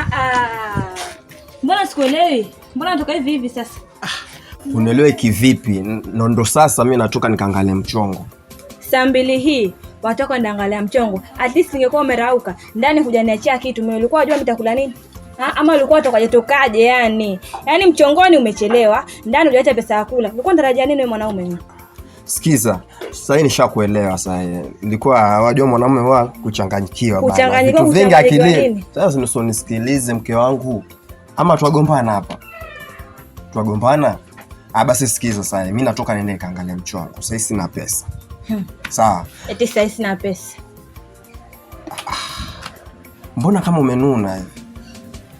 Ah, ah. Mbona sikuelewi? Mbona natoka hivi hivi sasa? Ah, unielewe kivipi? Na ndo sasa mi natoka nikaangalia mchongo saa mbili hii watoka ndaangalia mchongo. At least ningekuwa umerauka ndani hujaniachia kitu. Mimi ulikuwa unajua nitakula nini? Ha, ama ulikuwa utokaje tokaje yani? Yaani mchongoni umechelewa, ndani hujaacha pesa ya kula. Ulikuwa unatarajia nini wewe mwanaume? Sikiza, sasa hii nishakuelewa. Sasa ilikuwa wajua mwanaume wa kuchanganyikiwa vitu vingi akili. Sasa usinisikilize mke wangu, ama twagombana hapa, twagombana. Ah, basi sikiza, sasa mimi natoka nende kaangalia wangu. Sasa sina pesa hmm. Sawa, eti sasa sina pesa. Ah, mbona kama umenuna hivi?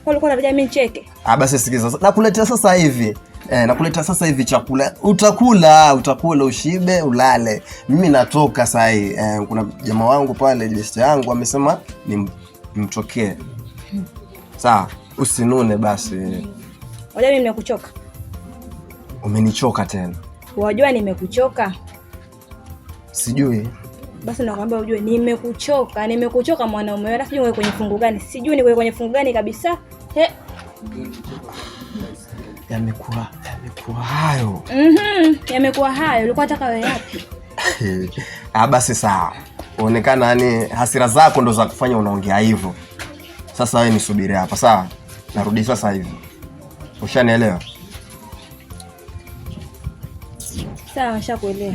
Ulikuwa unapiga mimi nicheke? Ah, basi sikiza, nakuletea sasa hivi eh, nakuleta sasa hivi chakula utakula, utakula ushibe, ulale. Mimi natoka saa hii eh, kuna jamaa wangu pale, jeste yangu amesema mtokee Sawa, usinune basi. Wajua nimekuchoka. Umenichoka tena. Wajua nimekuchoka. Sijui. Basi nakwambia ujue nimekuchoka, nimekuchoka mwanaume. Rafiki kwenye fungu gani? Sijui ni kwenye fungu gani kabisa. He. Yamekuwa yamekuwa hayo. Mhm, yamekuwa hayo. Ulikuwa unataka wewe yapi? Ah, basi sawa. Uonekana yani hasira zako ndo za kufanya unaongea hivyo. Sasa wewe nisubiri hapa, sawa? Narudi sasa hivi. Ushanielewa? Sawa, shakuelewa.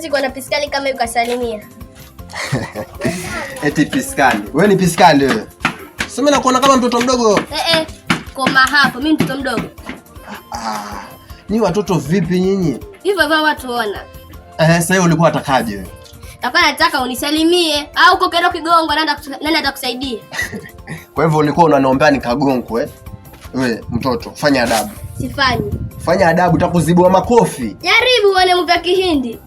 hawezi kuwa na piskali kama yukasalimia. Eti piskali. Wewe ni piskali wewe. Sasa mimi nakuona kama mtoto mdogo. Eh eh. Koma hapo, mimi mtoto mdogo. Ah, ni watoto vipi nyinyi? Hivyo hivyo watu ona. Eh, sasa hiyo ulikuwa utakaje wewe? Hapana, nataka unisalimie au uko kero kigongo nani atakusaidia? Kwa hivyo ulikuwa unaniombea nikagongwe eh? Wewe mtoto, fanya adabu. Sifanyi. Fanya adabu, takuzibua makofi. Jaribu uone mpya Kihindi.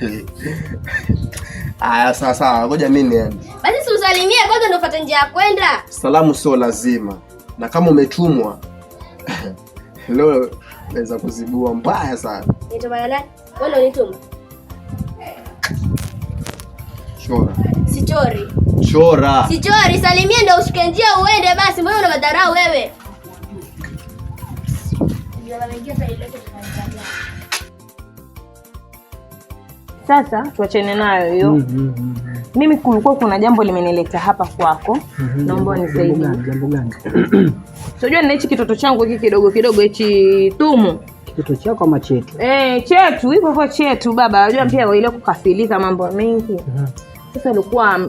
Aya, sawa sawa, ngoja mimi niende. Basi usalimie kwanza ndio ufuate njia ya kwenda. Salamu sio lazima, na kama umetumwa leo naweza kuzibua mbaya sana. Nituma nani? Wewe ndio unituma. Chora. Si chori. Chora. Si chori, salimie ndio ushike njia uende basi, mbona una madharau wewe? sasa tuachane nayo hiyo. mm -hmm. Mm-hmm. Mimi kulikuwa kuna jambo limenileta hapa kwako. mm -hmm. Naomba unisaidie. Jambo gani? Unajua nina hichi kitoto changu hiki kidogo kidogo hichi tumu kitoto chako ama chetu? Eh, chetu iko kwa chetu baba. Unajua mm -hmm. pia mm-hmm. ile kukafiliza mambo mengi. mm -hmm. Sasa alikuwa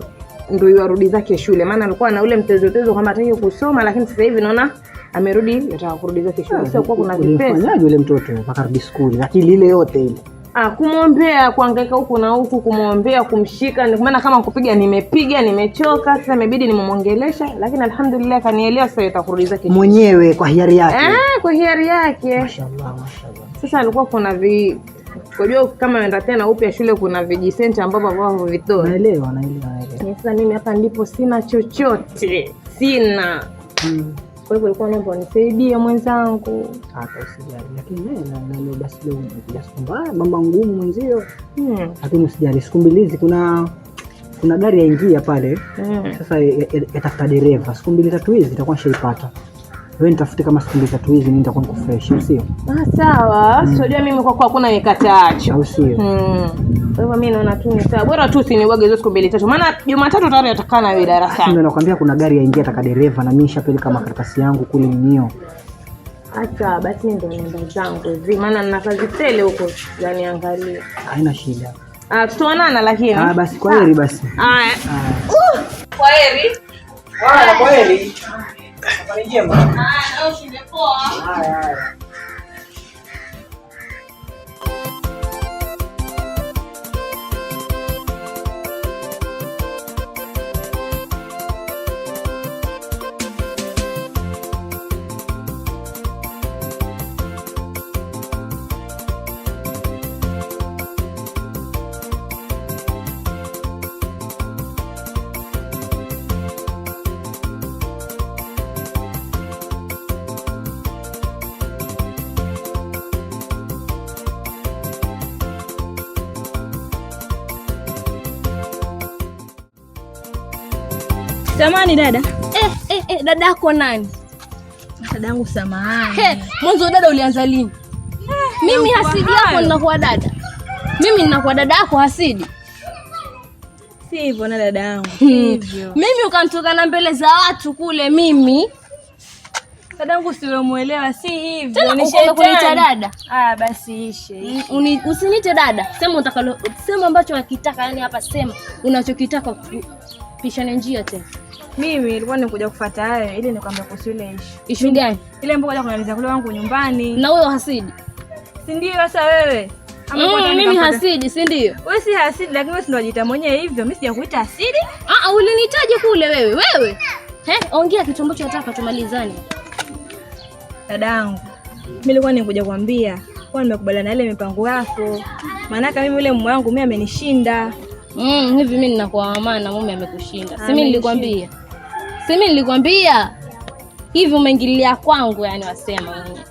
ndio yarudi zake shule, maana alikuwa na ule mtezo tezo kama hataki kusoma, lakini sasa hivi naona amerudi, nataka kurudi zake shule. Ah, sasa kuna vipesa. Unafanyaje ule mtoto mpaka rudi shule? lakini ile yote ile Ah, kumwombea kuangaika huku na huku, kumwombea kumshika, ndio maana kama kupiga nimepiga, nimechoka, sasa imebidi nimemwongelesha, lakini alhamdulillah kanielewa. Sasa itakurudiza kitu mwenyewe kwa hiari yake, ah, kwa hiari yake. Sasa alikuwa kuna vi Unajua kama enda tena upya shule kuna vijisenti ambavyo ambavyo vitoa. Naelewa, naelewa, Sasa mimi hapa ndipo sina chochote. Sina. Hmm. Kwa hivyo ilikuwa naomba unisaidie mwenzangu. Hata usijali, lakini nalo basi leo siku mbaya, mama ngumu mwenzio, hmm. lakini usijali, siku mbili hizi kuna kuna gari yaingia pale, hmm. sasa yatafuta dereva, siku mbili tatu hizi itakuwa shaipata wewe nitafute kama siku mbili tatu hizi, nitakuwa niko fresh, au sio? Ah, sawa. Mm. mimi kwa kuwa hakuna nikataacho, au sio? Mm. Kwa hivyo mimi naona tu ni sawa, bora tu usiniwage hizo siku mbili tatu, maana Jumatatu tayari atakaa wewe darasani. Mimi nakwambia kuna gari yaingia taka dereva, na mimi nishapeleka makaratasi yangu kule ninio. Acha basi, ndio nenda zangu hizi, maana nina kazi tele huko, yani angalia. Haina shida. Ah, tutaonana lakini. Ah, basi kwaheri basi. Haya. Uh, kwaheri. Kwaheri. 欢迎进门，来，过啊！哎哎。Samani dada. Eh, eh, eh, dada yako nani? Dada yangu Samani. Hey, mwanzo dada ulianza lini? Eh, mimi hasidi yako ninakuwa dada. Mimi ninakuwa dada yako hasidi. Sivyo na dada yangu. Sivyo. Hmm. Mimi ukamtoka na mbele za watu kule mimi. Dada yangu silomuelewa si hivyo. Ni shetani. Dada. Ah, basi ishe. Mm, usiniite dada. Sema utakalo, sema ambacho unakitaka yani hapa sema unachokitaka pishane njia tena. Mimi ilikuwa nikuja kufuata hayo ili nikwambia kuhusu ile ishu. Ishu gani? Ile mboga ya kunaniza kule wangu nyumbani. Na huyo hasidi. Si ndio sasa wewe? Mm, mimi hasidi, si ndio? Wewe si hasidi lakini wewe si unajiita mwenyewe hivyo. Mimi sijakuita hasidi. Ah, ah, ulinitaje kule wewe? Wewe. He, ongea kitu ambacho nataka tumalizane. Dadangu, mimi nilikuwa nikuja kuambia kwa nimekubaliana na ile mipango yako. Maanake mimi yule mume wangu mimi amenishinda. Mm, hivi mimi ninakuwa amana mume amekushinda. Si mimi nilikwambia. Simi, nilikwambia hivi, umeingilia kwangu, yani wasema mwenyewe.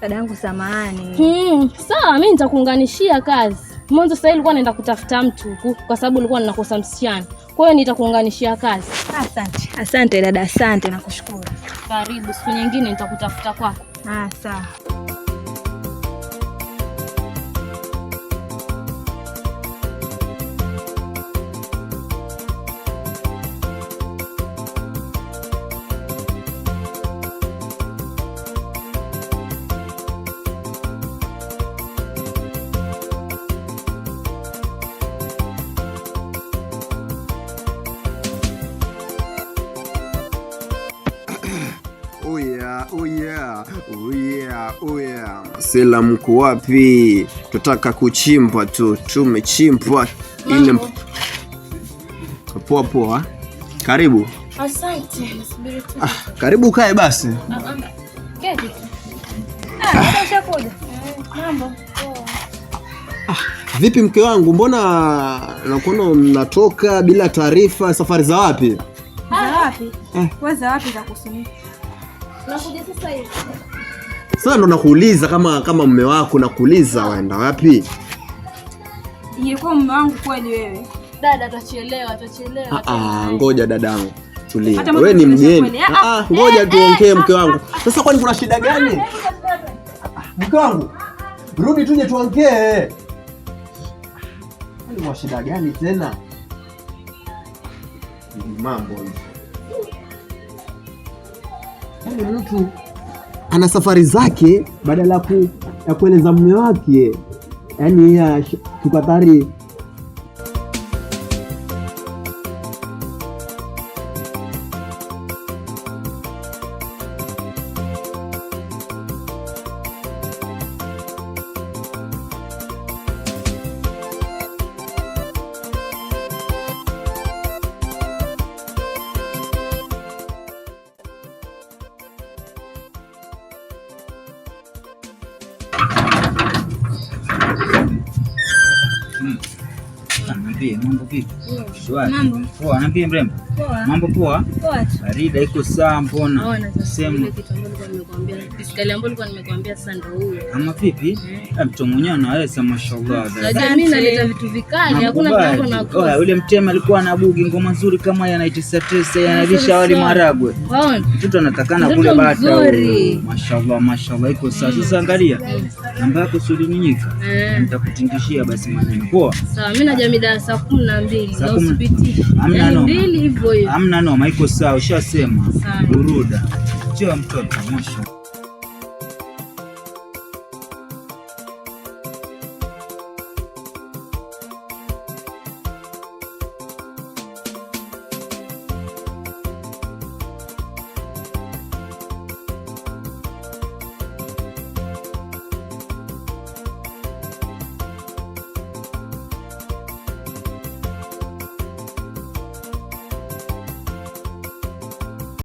Dada yangu samahani. Hmm, sawa, mi nitakuunganishia kazi. Mwanzo sasa ilikuwa naenda kutafuta mtu huku kwa sababu nilikuwa ninakosa msichana, kwa hiyo nitakuunganishia kazi. Asante, asante dada, asante, nakushukuru. Karibu, siku nyingine nitakutafuta kwako. Ah, sawa. yeah, oh yeah, oh yeah, oh yeah. Sela mko wapi? Tutaka kuchimba tu, tumechimbwa ile. Poa poa, karibu. Asante, nasubiri tu. Ah, karibu kae basi. Ah, ah, ah. Keti. Mambo. Ah, vipi mke wangu, mbona nakuona mnatoka bila taarifa? Safari za wapi? Za wapi? Eh. Kwa za wapi za kusumbuka? sasa hivi. ndo nakuuliza kama kama mume wako nakuuliza waenda wapi? Ingekuwa mume wangu kweli wewe. Dada tutachelewa, tutachelewa. Ah, ah, ngoja dadangu. Tulia. Wewe ni mgeni. Ah, ah, ah, ngoja eh, tuongee eh, mke wangu. Sasa kwani kuna shida gani? Eh, mke wangu. Rudi tuje tuongee. Kwani Kuna shida gani tena? Mambo hiyo. Yaani mtu ana safari zake badala ya kueleza mume wake, yani yeye tukatari niambie mambo vipi? Poa. Niambie mrembo. Mambo poa. Farida iko saa mbona? Sema nimekuambia. Kisikali ambapo nimekuambia sasa ndio huyo. Ama vipi? Mtu mwenyewe na wewe sema mashallah. Sasa mimi naleta vitu vikali, hakuna kitu nakosa. Yule mtema alikuwa na bugi ngoma nzuri kama ya 99 analisha wali maragwe. Mtoto anatakana kule bata. Mashallah, mashallah iko sawa. Mm. Sasa angalia. Mm. Namba yako sio nyinyinyika. Eh. Nitakutingishia basi maneno. Poa. Sawa, mimi naja mida saa 12 na usipiti. Hamna yaani noma. Hamna noma, iko sawa. Ushasema. Buruda. 这样子比